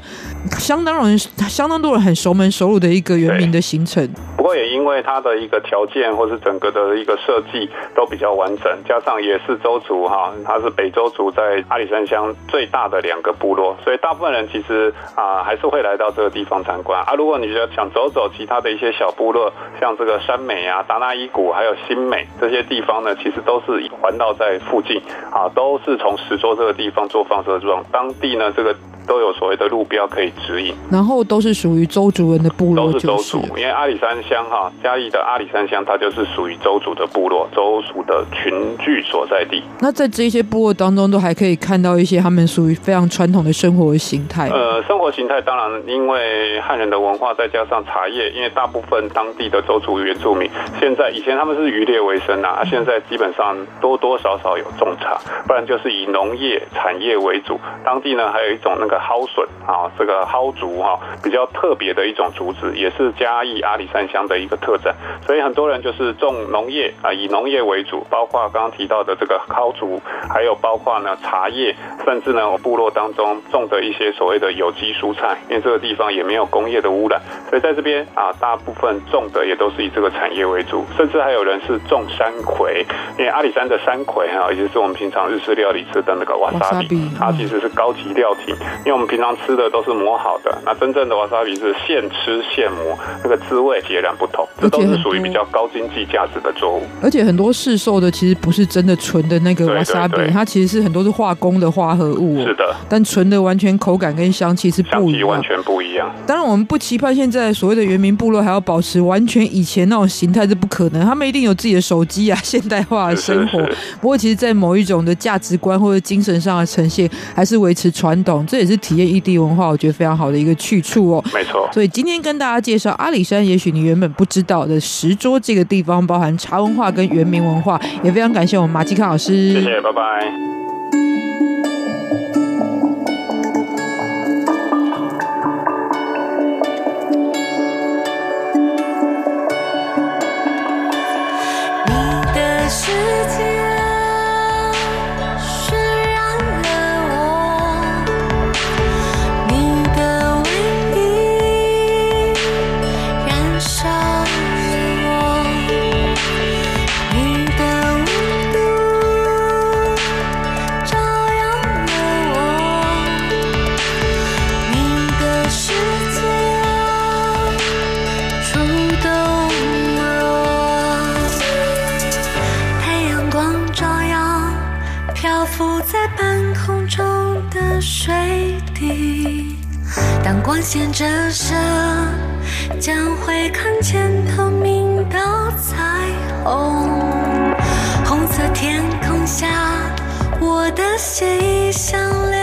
相當讓人，相當多人很熟門熟路的一個原民的行程。也因為它的一個條件，或是整個的一個設計都比較完整，加上也是鄒族哈，它是北鄒族在阿里山鄉最大的兩個部落，所以大部分人其實啊、呃、還是會來到這個地方參觀啊。如果你覺得想走走其他的一些小部落，像這個山美啊、達娜伊谷還有新美這些地方呢，其實都是環繞在附近啊、呃，都是從石棹這個地方做放射狀，當地呢這個。都有所謂的路標可以指引，然後都是屬於鄒族人的部落、就是，都是鄒族。因為阿里山鄉哈，嘉義的阿里山鄉，它就是屬於鄒族的部落，鄒族的群聚所在地。那在這些部落當中，都還可以看到一些他們屬於非常傳統的生活形態。呃，生活形態當然，因為漢人的文化，再加上茶葉，因為大部分當地的鄒族原住民，現在以前他們是漁獵為生啊，現在基本上多多少少有種茶，不然就是以農業產業為主。當地呢，還有一種那個。蒿筍啊，這個蒿竹哈、啊，比較特別的一種竹子，也是嘉義阿里山鄉的一個特產。所以很多人就是種農業啊，以農業為主，包括剛剛提到的這個蒿竹，還有包括呢茶葉，甚至呢，我部落當中種的一些所謂的有機蔬菜，因為這個地方也沒有工業的污染，所以在這邊啊，大部分種的也都是以這個產業為主，甚至還有人是種山葵，因為阿里山的山葵哈，也、啊、就是我們平常日式料理吃的那個瓦薩比，它、啊、其實是高級料體因為我們平常吃的都是磨好的，那真正的 wasabi 是現吃現磨，那個滋味截然不同。這都是屬於比較高經濟價值的作物。而且，而且很多市售的其實不是真的純的那個 wasabi，對對對，它其實是很多是化工的化合物。是的。但純的完全口感跟香氣是不一樣，完全不一樣。當然，我們不期盼現在所謂的原民部落還要保持完全以前那種形態是不可能，他們一定有自己的手機啊，現代化的生活。是是是，不過，其實在某一種的價值觀或者精神上的呈現，還是維持傳統，這也是。是體驗異地文化，我覺得非常好的一個去處哦。沒錯，所以今天跟大家介紹阿里山，也許你原本不知道的石棹這個地方，包含茶文化跟原民文化，也非常感謝我們馬繼康老師。謝謝，拜拜。牽着手，將會看見透明的彩虹。紅色天空下，我的心已相連。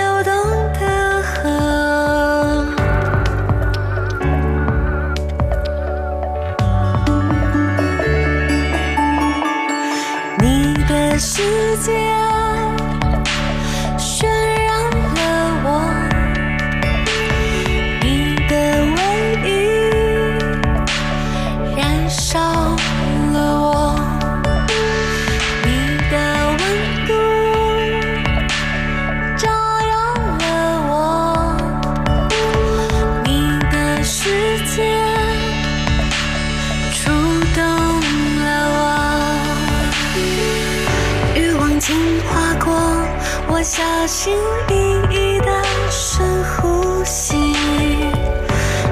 我小心翼翼的深呼吸，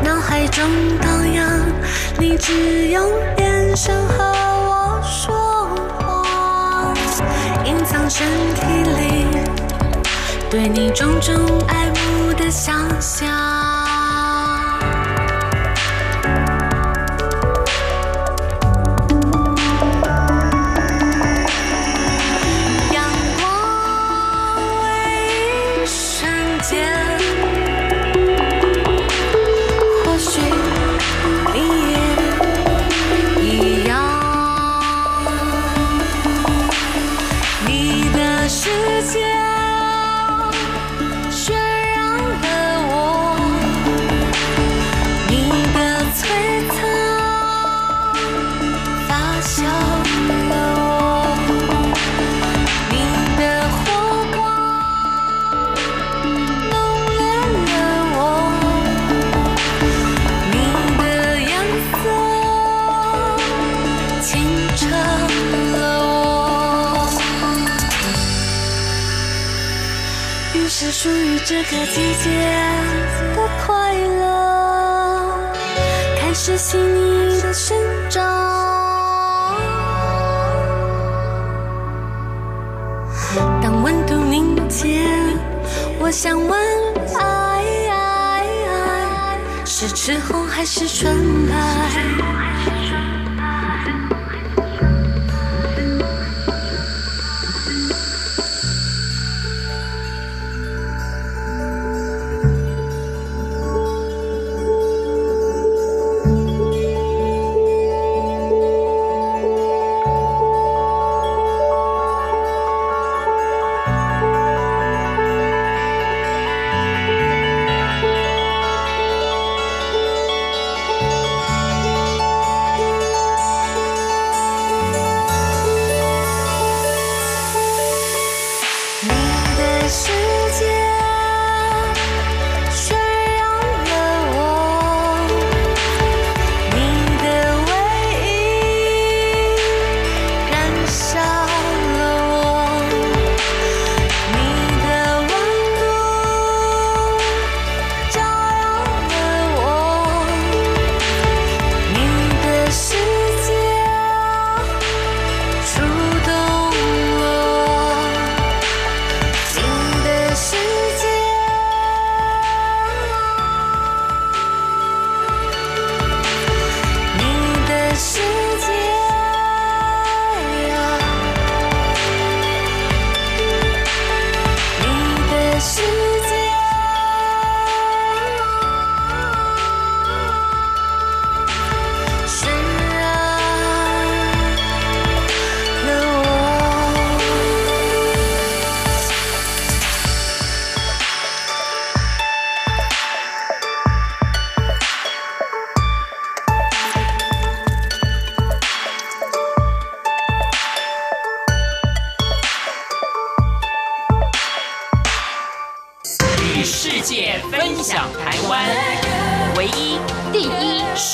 腦海中蕩漾，你只用眼神和我說話，隱藏身體裡對你種種愛慕的想象。這個季節，節的快樂開始細膩的生長。當溫度凝結，我想問愛，愛，愛是赤紅還是純白？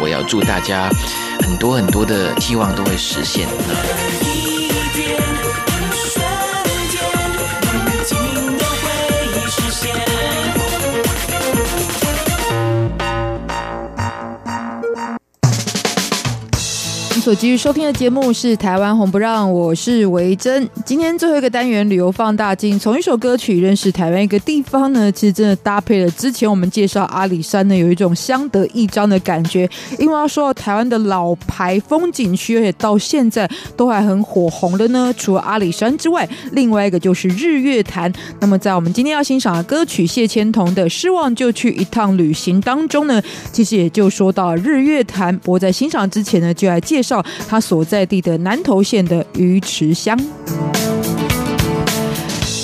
我要祝大家很多很多的期望都會實現。所繼續收聽的節目是《台灣紅不讓》，我是維珍。今天最後一個單元《旅遊放大鏡》，從一首歌曲認識台灣一個地方呢，其實真的搭配了之前我們介紹的阿里山呢，有一種相得益彰的感覺。因為要說到台灣的老牌風景區，而且到現在都還很火紅的呢，除了阿里山之外，另外一個就是日月潭。那麼在我們今天要欣賞的歌曲謝千桐的《失望就去一趟旅行》當中呢，其實也就說到日月潭。不過在欣賞之前呢，就來介紹。他所在地的南投縣的魚池鄉。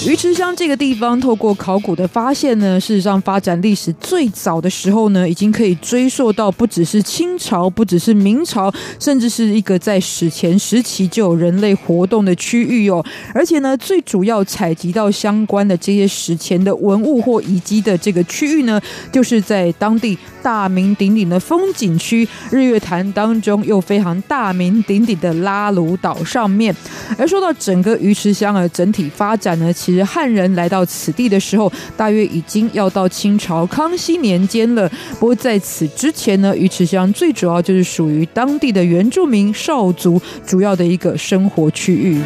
魚池鄉這個地方，透過考古的發現呢，事實上發展歷史最早的時候呢，已經可以追溯到不只是清朝，不只是明朝，甚至是一個在史前時期就有人類活動的區域哦。而且呢，最主要採集到相關的這些史前的文物或遺跡的這個區域呢，就是在當地大名鼎鼎的風景區日月潭當中，又非常大名鼎鼎的拉魯島上面。而說到整個魚池鄉啊，整體發展呢，其實漢人來到此地的時候，大約已經要到清朝康熙年間了。不過在此之前呢，魚池鄉最主要就是屬於當地的原住民邵族主要的一個生活區域。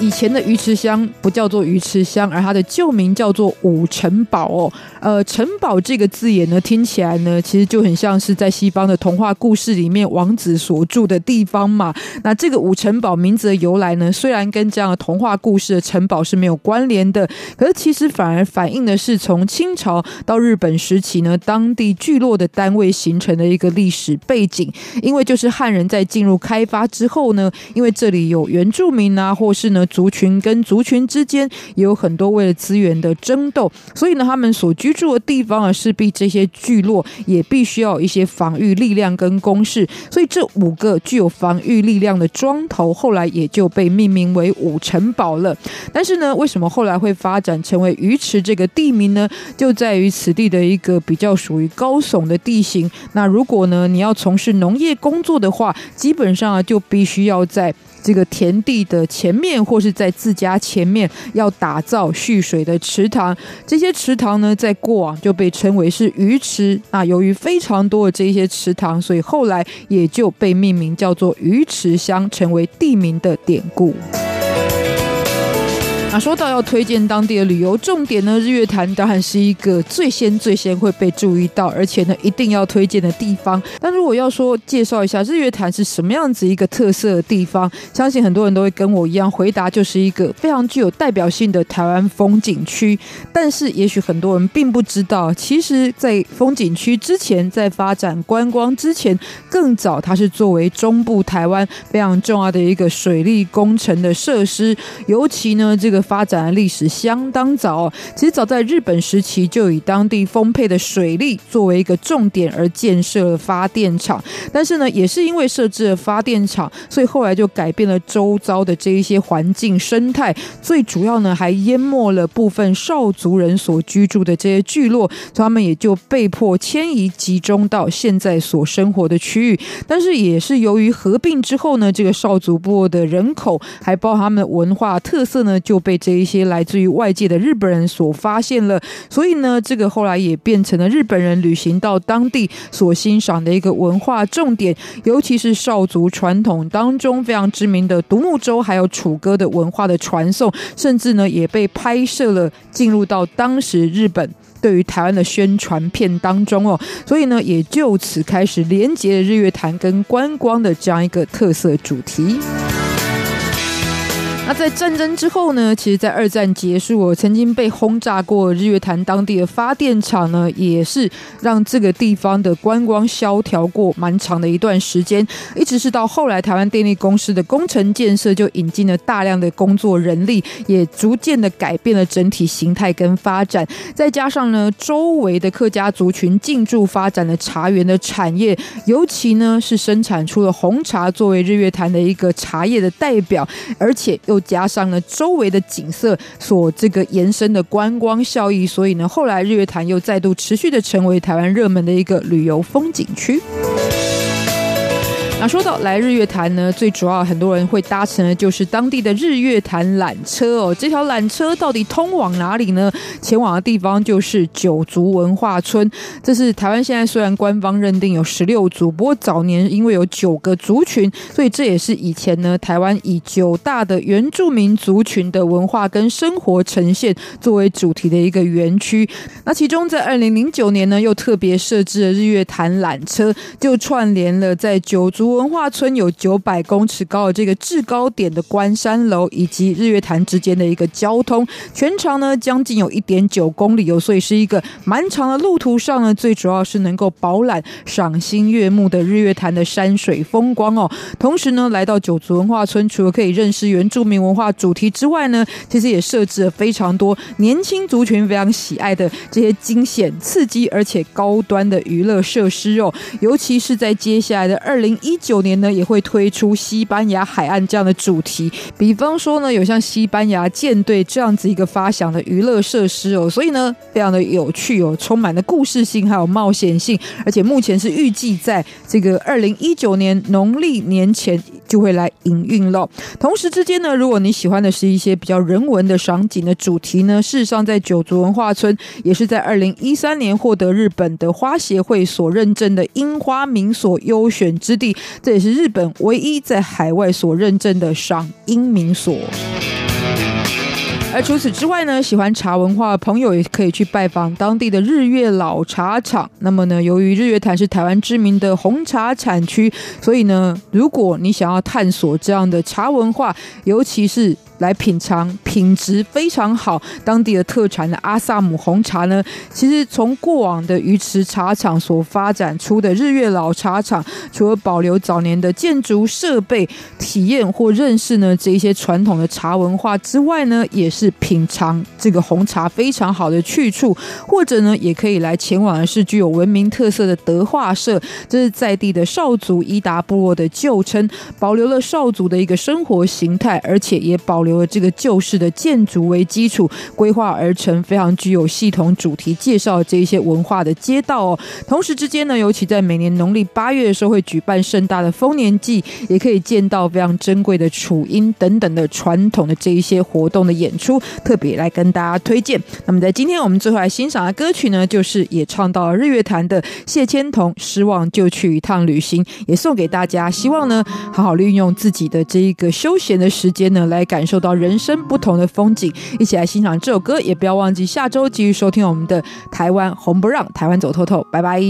以前的魚池鄉不叫做魚池鄉，而它的舊名叫做五城堡哦。呃，城堡這個字眼呢，聽起來呢，其實就很像是在西方的童話故事裡面王子所住的地方嘛。那這個五城堡名字的由來呢，雖然跟這樣的童話故事的城堡是沒有關聯的，可是其實反而反映的是從清朝到日本時期呢，當地聚落的單位形成的一個歷史背景。因為就是漢人在進入開發之後呢，因為這裡有原住民啊，或是呢。族群跟族群之間也有很多為了資源的爭鬥，所以呢，他們所居住的地方啊，勢必這些聚落也必須要一些防禦力量跟攻勢。所以這五個具有防禦力量的莊頭，後來也就被命名為五城堡了。但是呢，為什麼後來會發展成為魚池這個地名呢？就在於此地的一個比較屬於高聳的地形。那如果呢，你要從事農業工作的話，基本上啊，就必須要在。這個田地的前面，或是在自家前面，要打造蓄水的池塘。這些池塘呢，在過往就被稱為是魚池。那由於非常多的這些池塘，所以後來也就被命名叫做魚池鄉，成為地名的典故。那說到要推薦當地的旅遊重點呢，日月潭當然是一個最先最先會被注意到，而且呢一定要推薦的地方。但如果要說介紹一下日月潭是什麼樣子一個特色的地方，相信很多人都會跟我一樣回答，就是一個非常具有代表性的台灣風景區。但是也許很多人並不知道，其實在風景區之前，在發展觀光之前，更早它是作為中部台灣非常重要的一個水利工程的設施，尤其呢這個。發展的歷史相當早哦，其實早在日本時期就以當地豐沛的水利作為一個重點而建設了發電廠，但是呢，也是因為設置了發電廠，所以後來就改變了周遭的這一些環境生態，最主要呢還淹沒了部分邵族人所居住的這些聚落，所以他們也就被迫遷移集中到現在所生活的區域。但是也是由於合併之後呢，這個邵族部落的人口還包括他們的文化特色呢就被。被這一些來自於外界的日本人所發現了，所以呢，這個後來也變成了日本人旅行到當地所欣賞的一個文化重點，尤其是邵族傳統當中非常知名的獨木舟，還有杵歌的文化的傳送，甚至呢也被拍攝了，進入到當時日本對於台灣的宣傳片當中哦，所以呢也就此開始連接了日月潭跟觀光的這樣一個特色主題。那在戰爭之後呢？其實，在二戰結束，我曾經被轟炸過日月潭當地的發電廠呢，也是讓這個地方的觀光蕭條過蠻長的一段時間。一直是到後來，台灣電力公司的工程建設就引進了大量的工作人力，也逐漸的改變了整體形態跟發展。再加上呢，周圍的客家族群進駐發展了茶園的產業，尤其呢是生產出了紅茶，作為日月潭的一個茶葉的代表，而且。又加上了周圍的景色所這個延伸的觀光效益，所以呢，後來日月潭又再度持續的成為台灣熱門的一個旅遊風景區。那說到來日月潭呢，最主要很多人會搭乘的就是當地的日月潭纜車哦。這條纜車到底通往哪裡呢？前往的地方就是九族文化村。這是台灣現在雖然官方認定有十六族，不過早年因為有九個族群，所以這也是以前呢，台灣以九大的原住民族群的文化跟生活呈現作為主題的一個園區。那其中在二零零九年呢，又特別設置了日月潭纜車，就串聯了在九族，文化村有九百公尺高的這個制高點的觀山樓，以及日月潭之間的一個交通，全長呢將近有一點九公里哦，所以是一個蠻長的路途上呢，最主要是能夠飽覽賞心悅目的日月潭的山水風光哦。同時呢，來到九族文化村，除了可以認識原住民文化主題之外呢，其實也設置了非常多年輕族群非常喜愛的這些驚險刺激而且高端的娛樂設施哦，尤其是在接下來的二零一。九年呢也會推出西班牙海岸這樣的主題，比方說呢有像西班牙艦隊這樣子一個發想的娛樂設施哦，所以呢非常的有趣哦，充滿了故事性還有冒險性，而且目前是預計在這個二零一九年農曆年前就會來營運嘍。同時之間呢，如果你喜歡的是一些比較人文的賞景的主題呢，事實上在九族文化村也是在二零一三年獲得日本的花協會所認證的櫻花名所優選之地。這也是日本唯一在海外所認證的賞櫻名所。而除此之外呢，喜歡茶文化的朋友也可以去拜訪當地的日月老茶廠。那麼呢，由於日月潭是台灣知名的紅茶產區，所以呢，如果你想要探索這樣的茶文化，尤其是。來品嘗品質非常好，當地的特產的阿薩姆紅茶呢，其實從過往的魚池茶廠所發展出的日月老茶廠，除了保留早年的建築設備，體驗或認識呢這一些傳統的茶文化之外呢，也是品嘗這個紅茶非常好的去處。或者呢，也可以來前往的是具有文明特色的德化社，這是在地的邵族伊達部落的舊稱，保留了邵族的一個生活形態，而且也保留。由這個舊式的建築為基礎規劃而成，非常具有系統主題介紹這一些文化的街道哦。同時之間呢，尤其在每年農曆八月的時候會舉辦盛大的豐年祭，也可以見到非常珍貴的杵音等等的傳統的這一些活動的演出。特別來跟大家推薦。那麼在今天我們最後來欣賞的歌曲呢，就是也唱到了日月潭的謝千童，《失望就去一趟旅行》，也送給大家。希望呢，好好利用自己的這一個休閒的時間呢，來感受。到人生不同的風景，一起來欣賞這首歌，也不要忘記下周繼續收聽我們的《台灣紅不讓》，台灣走透透，拜拜。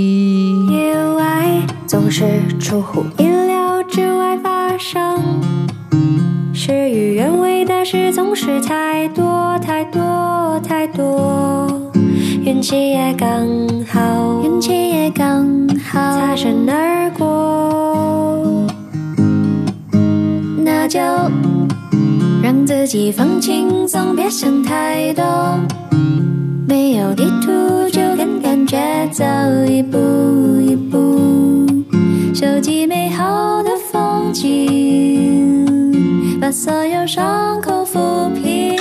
讓自己放輕鬆，別想太多。沒有地圖就跟感覺走，一步一步，收集美好的風景，把所有傷口撫平。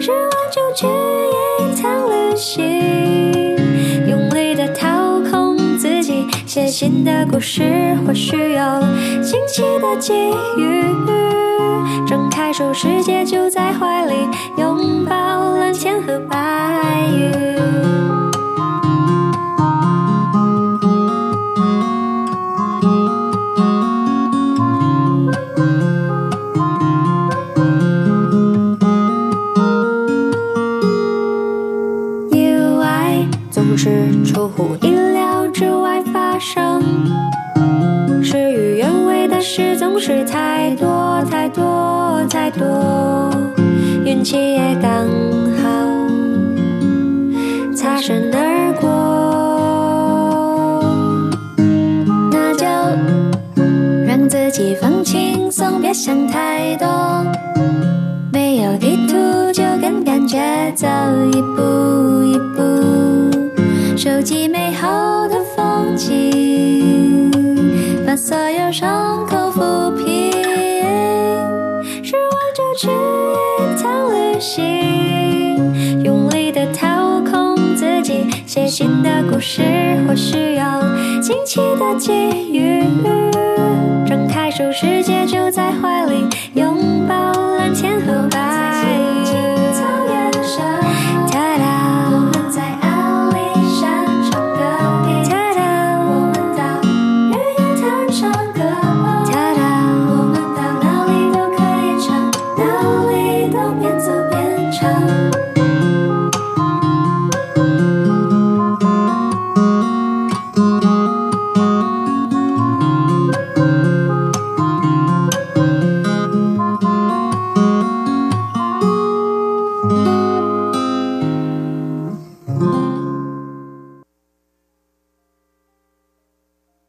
失望就去一趟旅行。寫新的故事，或許有驚奇的際遇。張開手，世界就在懷裡。